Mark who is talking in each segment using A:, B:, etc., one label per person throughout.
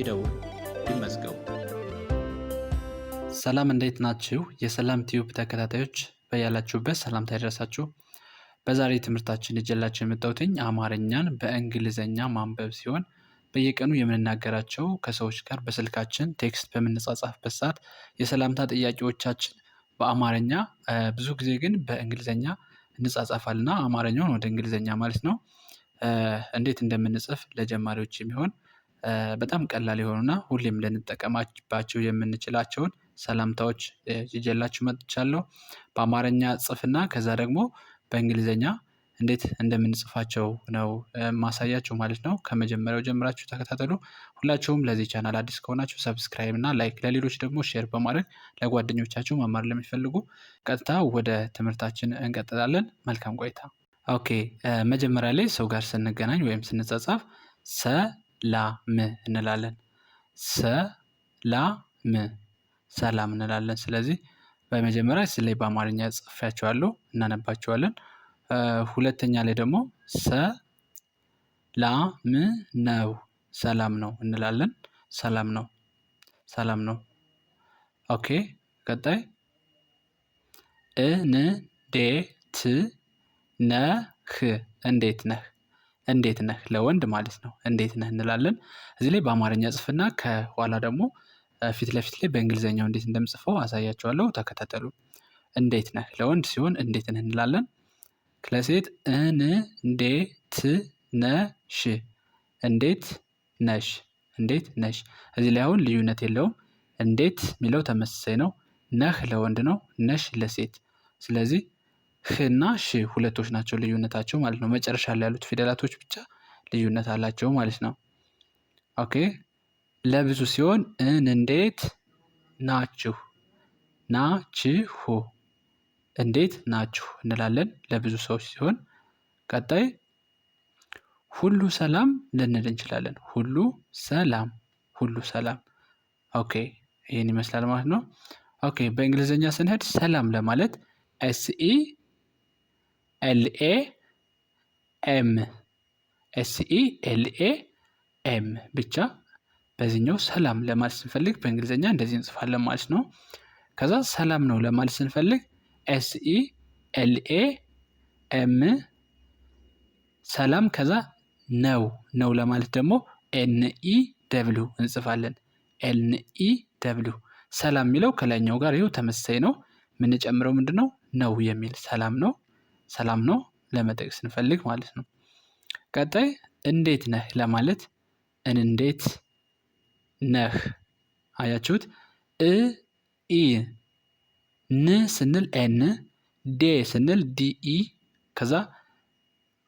A: ይደውሉ፣ ይመዝገቡ። ሰላም እንዴት ናችሁ? የሰላም ቲዩብ ተከታታዮች በያላችሁበት ሰላምታ ይደረሳችሁ። በዛሬ ትምህርታችን ይዤላችሁ የመጣሁትኝ አማርኛን በእንግሊዘኛ ማንበብ ሲሆን በየቀኑ የምንናገራቸው ከሰዎች ጋር በስልካችን ቴክስት በምንጻጻፍበት ሰዓት የሰላምታ ጥያቄዎቻችን በአማርኛ ብዙ ጊዜ ግን በእንግሊዘኛ እንጻጻፋልና አማርኛውን ወደ እንግሊዘኛ ማለት ነው እንዴት እንደምንጽፍ ለጀማሪዎች የሚሆን በጣም ቀላል የሆኑና ሁሌም ልንጠቀማባቸው የምንችላቸውን ሰላምታዎች ይዤላችሁ መጥቻለሁ። በአማርኛ ጽፍና ከዛ ደግሞ በእንግሊዘኛ እንዴት እንደምንጽፋቸው ነው ማሳያችሁ ማለት ነው። ከመጀመሪያው ጀምራችሁ ተከታተሉ። ሁላችሁም ለዚህ ቻናል አዲስ ከሆናችሁ ሰብስክራይብ እና ላይክ፣ ለሌሎች ደግሞ ሼር በማድረግ ለጓደኞቻችሁ መማር ለሚፈልጉ ቀጥታ ወደ ትምህርታችን እንቀጥላለን። መልካም ቆይታ። ኦኬ መጀመሪያ ላይ ሰው ጋር ስንገናኝ ወይም ስንጸጻፍ ሰ ላም እንላለን። ሰ ላ ም ሰላም እንላለን። ስለዚህ በመጀመሪያ እዚህ ላይ በአማርኛ ጽፌያቸዋለሁ እናነባቸዋለን። ሁለተኛ ላይ ደግሞ ሰ ላ ም ነው ሰላም ነው እንላለን። ሰላም ነው ሰላም ነው። ኦኬ ቀጣይ እንዴት ነህ እንዴት ነህ እንዴት ነህ ለወንድ ማለት ነው። እንዴት ነህ እንላለን እዚህ ላይ በአማርኛ ጽፍና ከኋላ ደግሞ ፊት ለፊት ላይ በእንግሊዝኛው እንዴት እንደምጽፈው አሳያቸዋለሁ ተከታተሉ። እንዴት ነህ ለወንድ ሲሆን እንዴት ነህ እንላለን። ለሴት እንዴት ነሽ፣ እንዴት ነሽ፣ እንዴት ነሽ። እዚህ ላይ አሁን ልዩነት የለውም። እንዴት የሚለው ተመሳሳይ ነው። ነህ ለወንድ ነው፣ ነሽ ለሴት ስለዚህ ህ እና ሽ ሁለቶች ናቸው ልዩነታቸው ማለት ነው። መጨረሻ ላይ ያሉት ፊደላቶች ብቻ ልዩነት አላቸው ማለት ነው። ኦኬ ለብዙ ሲሆን እን እንዴት ናችሁ ናችሁ እንዴት ናችሁ እንላለን ለብዙ ሰዎች ሲሆን፣ ቀጣይ ሁሉ ሰላም ልንል እንችላለን። ሁሉ ሰላም ሁሉ ሰላም። ኦኬ ይህን ይመስላል ማለት ነው። ኦኬ በእንግሊዝኛ ስንሄድ ሰላም ለማለት ኤስኢ ኤልኤ ኤም ኤስኢ ኤልኤ ኤም ብቻ በዚህኛው ሰላም ለማለት ስንፈልግ በእንግሊዝኛ እንደዚህ እንጽፋለን ማለት ነው። ከዛ ሰላም ነው ለማለት ስንፈልግ ኤስኢ ኤልኤ ኤም ሰላም ከዛ ነው ነው ለማለት ደግሞ ኤንኢ ደብሊው እንጽፋለን። ኤንኢ ደብሊው ሰላም የሚለው ከላይኛው ጋር ይኸው ተመሳሳይ ነው። የምንጨምረው ምንድን ነው ነው የሚል ሰላም ነው ሰላም ነው ለመጠየቅ ስንፈልግ ማለት ነው። ቀጣይ እንዴት ነህ ለማለት እንዴት ነህ አያችሁት። እ ኢ ን ስንል ኤን ዴ ስንል ዲኢ ከዛ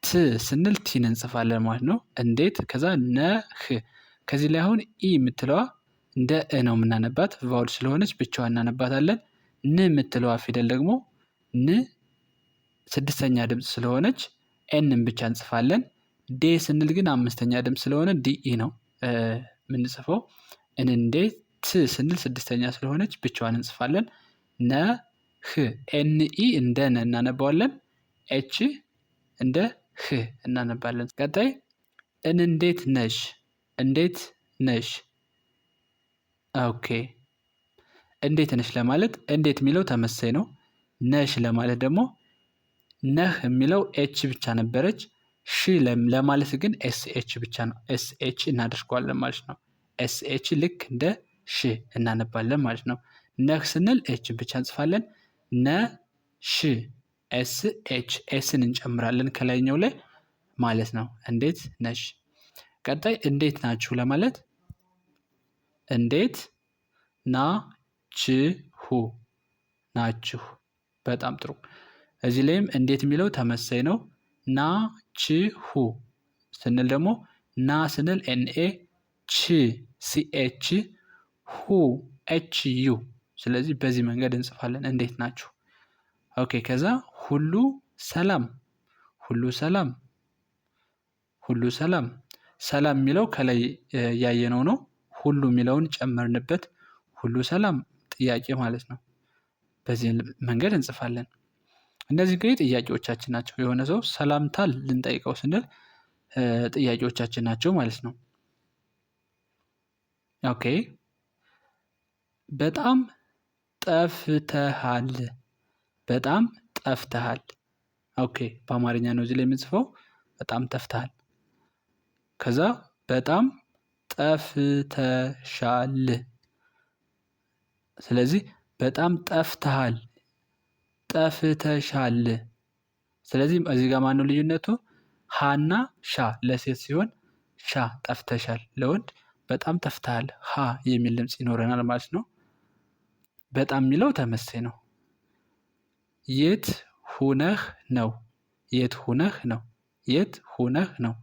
A: ት ስንል ቲን እንጽፋለን ማለት ነው። እንዴት ከዛ ነህ። ከዚህ ላይ አሁን ኢ የምትለዋ እንደ እ ነው የምናነባት ቫውል ስለሆነች ብቻዋ እናነባታለን። ን የምትለዋ ፊደል ደግሞ ን ስድስተኛ ድምፅ ስለሆነች ኤንን ብቻ እንጽፋለን። ዴ ስንል ግን አምስተኛ ድምፅ ስለሆነ ዲኢ ነው የምንጽፈው። እንንዴ ት ስንል ስድስተኛ ስለሆነች ብቻዋን እንጽፋለን። ነ ህ ኤንኢ እንደ ነ እናነባዋለን። ኤች እንደ ህ እናነባለን። ቀጣይ እንዴት ነሽ፣ እንዴት ነሽ። ኦኬ እንዴት ነሽ ለማለት እንዴት የሚለው ተመሳይ ነው። ነሽ ለማለት ደግሞ ነህ የሚለው ኤች ብቻ ነበረች። ሺ ለማለት ግን ኤስ ኤች ብቻ ነው። ኤስ ኤች እናደርገዋለን ማለት ነው። ኤስ ኤች ልክ እንደ ሺ እናነባለን ማለት ነው። ነህ ስንል ኤች ብቻ እንጽፋለን። ነ ሺ ኤስ ኤች ኤስን እንጨምራለን ከላይኛው ላይ ማለት ነው። እንዴት ነሽ። ቀጣይ እንዴት ናችሁ ለማለት እንዴት ናችሁ ናችሁ። በጣም ጥሩ እዚህ ላይም እንዴት የሚለው ተመሳይ ነው። ና ቺ ሁ ስንል ደግሞ ና ስንል ኤንኤ ቺ ሲኤች ሁ ኤች ዩ። ስለዚህ በዚህ መንገድ እንጽፋለን። እንዴት ናችሁ? ኦኬ። ከዛ ሁሉ ሰላም፣ ሁሉ ሰላም፣ ሁሉ ሰላም። ሰላም የሚለው ከላይ ያየነው ነው። ሁሉ የሚለውን ጨመርንበት። ሁሉ ሰላም ጥያቄ ማለት ነው። በዚህ መንገድ እንጽፋለን። እነዚህ እንግዲህ ጥያቄዎቻችን ናቸው። የሆነ ሰው ሰላምታ ልንጠይቀው ስንል ጥያቄዎቻችን ናቸው ማለት ነው። ኦኬ በጣም ጠፍተሃል። በጣም ጠፍተሃል። ኦኬ በአማርኛ ነው እዚህ ላይ የምንጽፈው። በጣም ጠፍተሃል። ከዛ በጣም ጠፍተሻል። ስለዚህ በጣም ጠፍተሃል ጠፍተሻል። ስለዚህ እዚህ ጋር ማነው ልዩነቱ? ሃና ሻ ለሴት ሲሆን ሻ ጠፍተሻል ለወንድ በጣም ጠፍተሃል ሀ የሚል ድምፅ ይኖረናል ማለት ነው። በጣም የሚለው ተመሴ ነው። የት ሁነህ ነው የት ሁነህ ነው የት ሁነህ ነው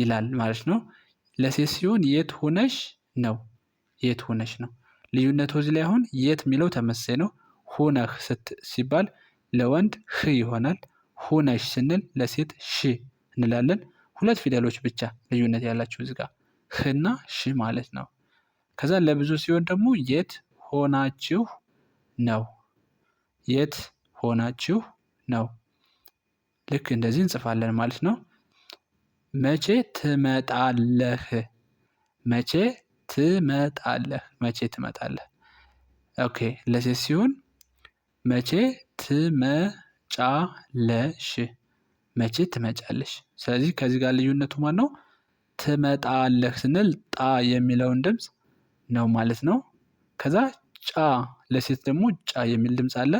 A: ይላል ማለት ነው። ለሴት ሲሆን የት ሁነሽ ነው የት ሁነሽ ነው። ልዩነቱ እዚህ ላይ አሁን የት የሚለው ተመሳይ ነው። ሁነህ ሲባል ለወንድ ህ ይሆናል። ሁነሽ ስንል ለሴት ሺ እንላለን። ሁለት ፊደሎች ብቻ ልዩነት ያላቸው እዚጋ ህና ሺ ማለት ነው። ከዛ ለብዙ ሲሆን ደግሞ የት ሆናችሁ ነው። የት ሆናችሁ ነው። ልክ እንደዚህ እንጽፋለን ማለት ነው። መቼ ትመጣለህ? መቼ ትመጣለህ? መቼ ትመጣለህ? ኦኬ ለሴት ሲሆን መቼ ትመጫለሽ? መቼ ትመጫለሽ? ስለዚህ ከዚህ ጋር ልዩነቱ ነው ትመጣለህ ስንል ጣ የሚለውን ድምጽ ነው ማለት ነው። ከዛ ጫ ለሴት ደግሞ ጫ የሚል ድምፅ አለ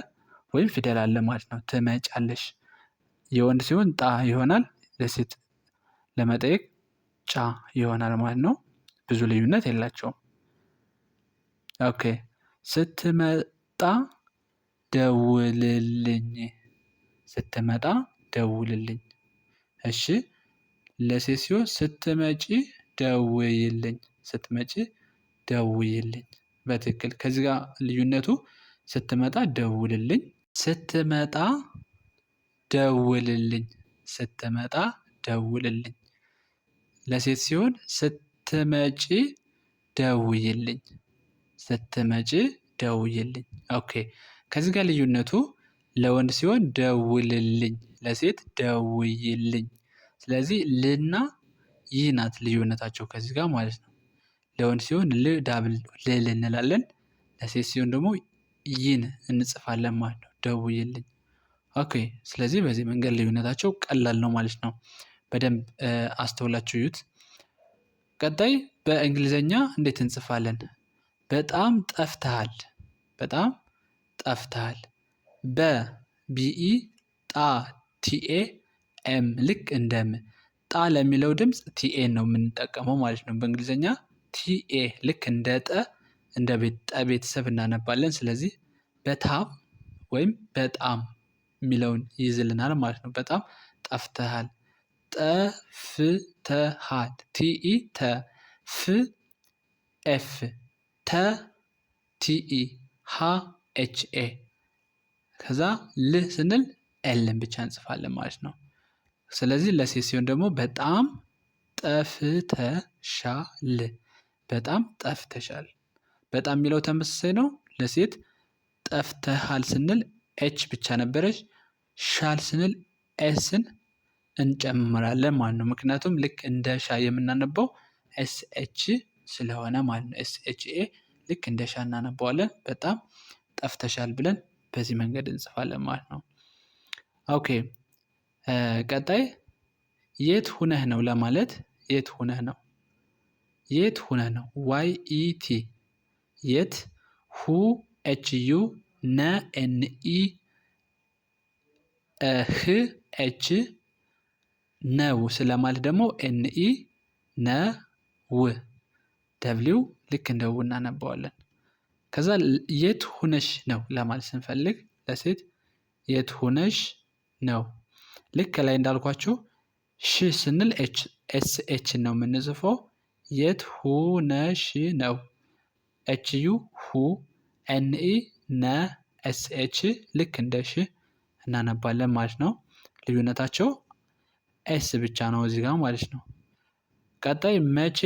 A: ወይም ፊደል አለ ማለት ነው። ትመጫለሽ የወንድ ሲሆን ጣ ይሆናል ለሴት ለመጠየቅ ጫ ይሆናል ማለት ነው። ብዙ ልዩነት የላቸውም። ኦኬ ስትመጣ ደውልልኝ ስትመጣ ደውልልኝ። እሺ ለሴሲዮ ስትመጪ ደውይልኝ ስትመጪ ደውይልኝ በትክክል ከዚህ ጋር ልዩነቱ ስትመጣ ደውልልኝ ስትመጣ ደውልልኝ ስትመጣ ደውልልኝ ለሴት ሲሆን ስትመጪ ደውይልኝ ስትመጪ ደውይልኝ ኦኬ ከዚህ ጋር ልዩነቱ ለወንድ ሲሆን ደውልልኝ፣ ለሴት ደውይልኝ። ስለዚህ ልና ይህ ናት ልዩነታቸው ከዚህ ጋር ማለት ነው። ለወንድ ሲሆን ል ዳብል ልል እንላለን። ለሴት ሲሆን ደግሞ ይን እንጽፋለን ማለት ነው። ደውይልኝ። ኦኬ። ስለዚህ በዚህ መንገድ ልዩነታቸው ቀላል ነው ማለት ነው። በደንብ አስተውላችሁ ዩት። ቀጣይ በእንግሊዘኛ እንዴት እንጽፋለን? በጣም ጠፍተሃል። በጣም ጠፍተሃል። በ ቢኢ ጣ ቲኤ ኤም ልክ እንደም ጣ ለሚለው ድምፅ ቲኤ ነው የምንጠቀመው ማለት ነው። በእንግሊዝኛ ቲኤ ልክ እንደ ጠ እንደ ጠ ቤተሰብ እናነባለን። ስለዚህ በጣም ወይም በጣም የሚለውን ይይዝልናል ማለት ነው። በጣም ጠፍተሃል፣ ጠፍተሃል ቲኢ ተ ፍ ኤፍ ተ ቲኢ ሃ ኤች ኤ ከዛ ል ስንል ኤልን ብቻ እንጽፋለን ማለት ነው። ስለዚህ ለሴት ሲሆን ደግሞ በጣም ጠፍተሻል፣ በጣም ጠፍተሻል። በጣም የሚለው ተመሳሳይ ነው። ለሴት ጠፍተሃል ስንል ኤች ብቻ ነበረች። ሻል ስንል ኤስን እንጨምራለን ማለት ነው። ምክንያቱም ልክ እንደ ሻ የምናነበው ኤስኤች ስለሆነ ማለት ነው። ኤስ ኤች ኤ ልክ እንደ ሻ እናነበዋለን። በጣም ጠፍተሻል ብለን በዚህ መንገድ እንጽፋለን ማለት ነው። ኦኬ ቀጣይ የት ሁነህ ነው ለማለት የት ሁነህ ነው የት ሁነህ ነው ዋይ ኢ ቲ የት ሁ ኤች ዩ ነ ኤን ኢ ህ ኤች ነው ስለማለት ደግሞ ኤን ኢ ነ ው ደብሊው ልክ እንደ ው እናነባዋለን። ከዛ የት ሁነሽ ነው ለማለት ስንፈልግ ለሴት የት ሁነሽ ነው። ልክ ከላይ እንዳልኳችሁ ሽ ስንል ኤስ ኤች ነው የምንጽፈው። የት ሁነሽ ነው። ኤች ዩ ሁ ኤን ኢ ነ ኤስ ኤች ልክ እንደ ሽ እናነባለን ማለት ነው። ልዩነታቸው ኤስ ብቻ ነው እዚህ ጋር ማለት ነው። ቀጣይ መቼ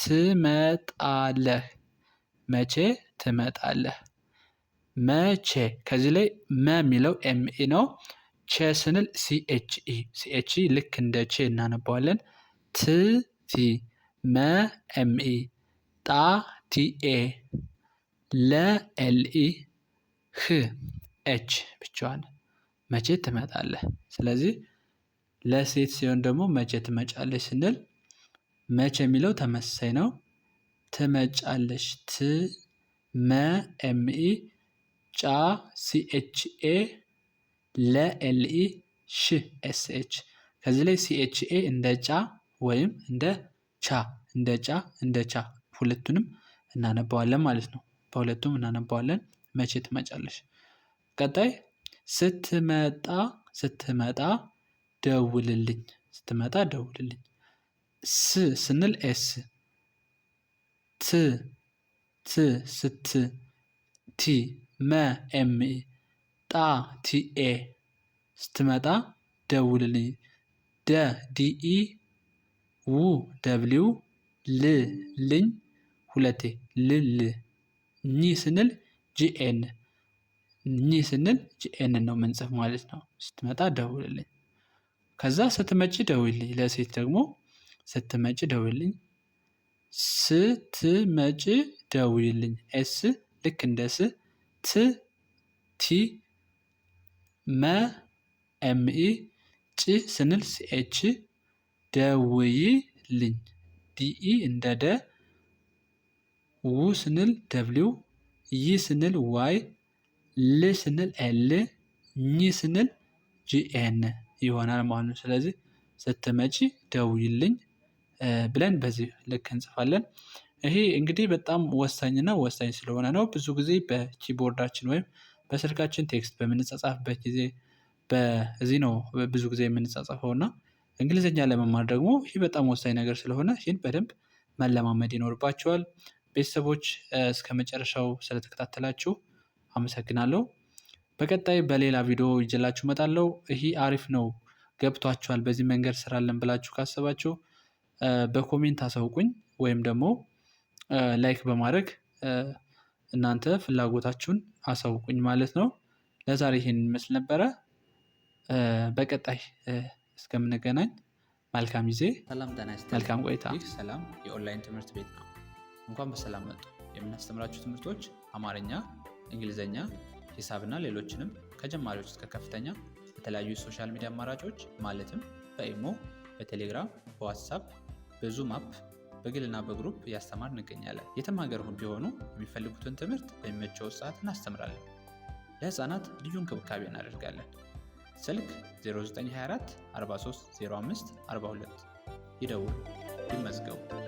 A: ትመጣለህ? መቼ ትመጣለህ። መቼ ከዚህ ላይ መ የሚለው ኤምኢ ነው። ቼ ስንል ሲኤችኢ ሲኤችኢ ልክ እንደ ቼ እናነባዋለን። ት ቲ መ ኤምኢ ጣ ቲኤ ለ ኤልኢ ህ ኤች ብቻዋን መቼ ትመጣለህ? ስለዚህ ለሴት ሲሆን ደግሞ መቼ ትመጫለች ስንል መቼ የሚለው ተመሳሳይ ነው። ትመጫለች። ት መ ኤምኢ ጫ ሲኤችኤ ለኤልኢ ሽ ኤስኤች ከዚህ ላይ ሲኤችኤ እንደ ጫ ወይም እንደ ቻ እንደ ጫ እንደ ቻ ሁለቱንም እናነባዋለን ማለት ነው። በሁለቱም እናነባዋለን። መቼ ትመጫለሽ? ቀጣይ ስትመጣ ስትመጣ ደውልልኝ ስትመጣ ደውልልኝ ስ ስንል ኤስ ት ት ስት ቲ መ ኤም ጣ ቲኤ ስትመጣ ደውልልኝ ደ ዲኢ ው ደብሊው ል ልኝ ሁለቴ ልል ኒ ስንል ጂኤን ኒ ስንል ጂኤን ነው ምንጽፍ ማለት ነው። ስትመጣ ደውልልኝ። ከዛ ስትመጪ ደውልኝ። ለሴት ደግሞ ስትመጪ ደውልኝ። ስትመጪ ደውይልኝ። ኤስ ልክ እንደ ስ ት ቲ መ ኤምኢ ጭ ስንል ሲኤች ደውይልኝ። ዲኢ እንደ ደ ው ስንል ደብሊው ይ ስንል ዋይ ል ስንል ኤል ኝ ስንል ጂኤን ይሆናል ማለት ነው። ስለዚህ ስትመጪ ደውይልኝ ብለን በዚህ ልክ እንጽፋለን። ይሄ እንግዲህ በጣም ወሳኝና ወሳኝ ስለሆነ ነው። ብዙ ጊዜ በኪቦርዳችን ወይም በስልካችን ቴክስት በምንጻጻፍበት ጊዜ በዚህ ነው ብዙ ጊዜ የምንጻጻፈው እና እንግሊዝኛ ለመማር ደግሞ ይህ በጣም ወሳኝ ነገር ስለሆነ ይህን በደንብ መለማመድ ይኖርባቸዋል። ቤተሰቦች እስከ መጨረሻው ስለተከታተላችሁ አመሰግናለሁ። በቀጣይ በሌላ ቪዲዮ ይዤላችሁ እመጣለሁ። ይህ አሪፍ ነው ገብቷችኋል፣ በዚህ መንገድ ስራለን ብላችሁ ካሰባችሁ በኮሜንት አሳውቁኝ ወይም ደግሞ ላይክ በማድረግ እናንተ ፍላጎታችሁን አሳውቁኝ ማለት ነው። ለዛሬ ይሄን ይመስል ነበረ። በቀጣይ እስከምንገናኝ መልካም ጊዜ፣ መልካም ቆይታ። ሰላም የኦንላይን ትምህርት ቤት ነው። እንኳን በሰላም መጡ። የምናስተምራችሁ ትምህርቶች አማርኛ፣ እንግሊዝኛ፣ ሂሳብና ሌሎችንም ከጀማሪዎች እስከ ከፍተኛ በተለያዩ የሶሻል ሚዲያ አማራጮች ማለትም በኢሞ፣ በቴሌግራም፣ በዋትሳፕ፣ በዙም አፕ በግልና በግሩፕ እያስተማር እንገኛለን። የትም ሀገር ቢሆኑ የሚፈልጉትን ትምህርት በሚመቸው ሰዓት እናስተምራለን። ለህፃናት ልዩ እንክብካቤ እናደርጋለን። ስልክ 0924 05 42 ይደውል ይመዝገቡ።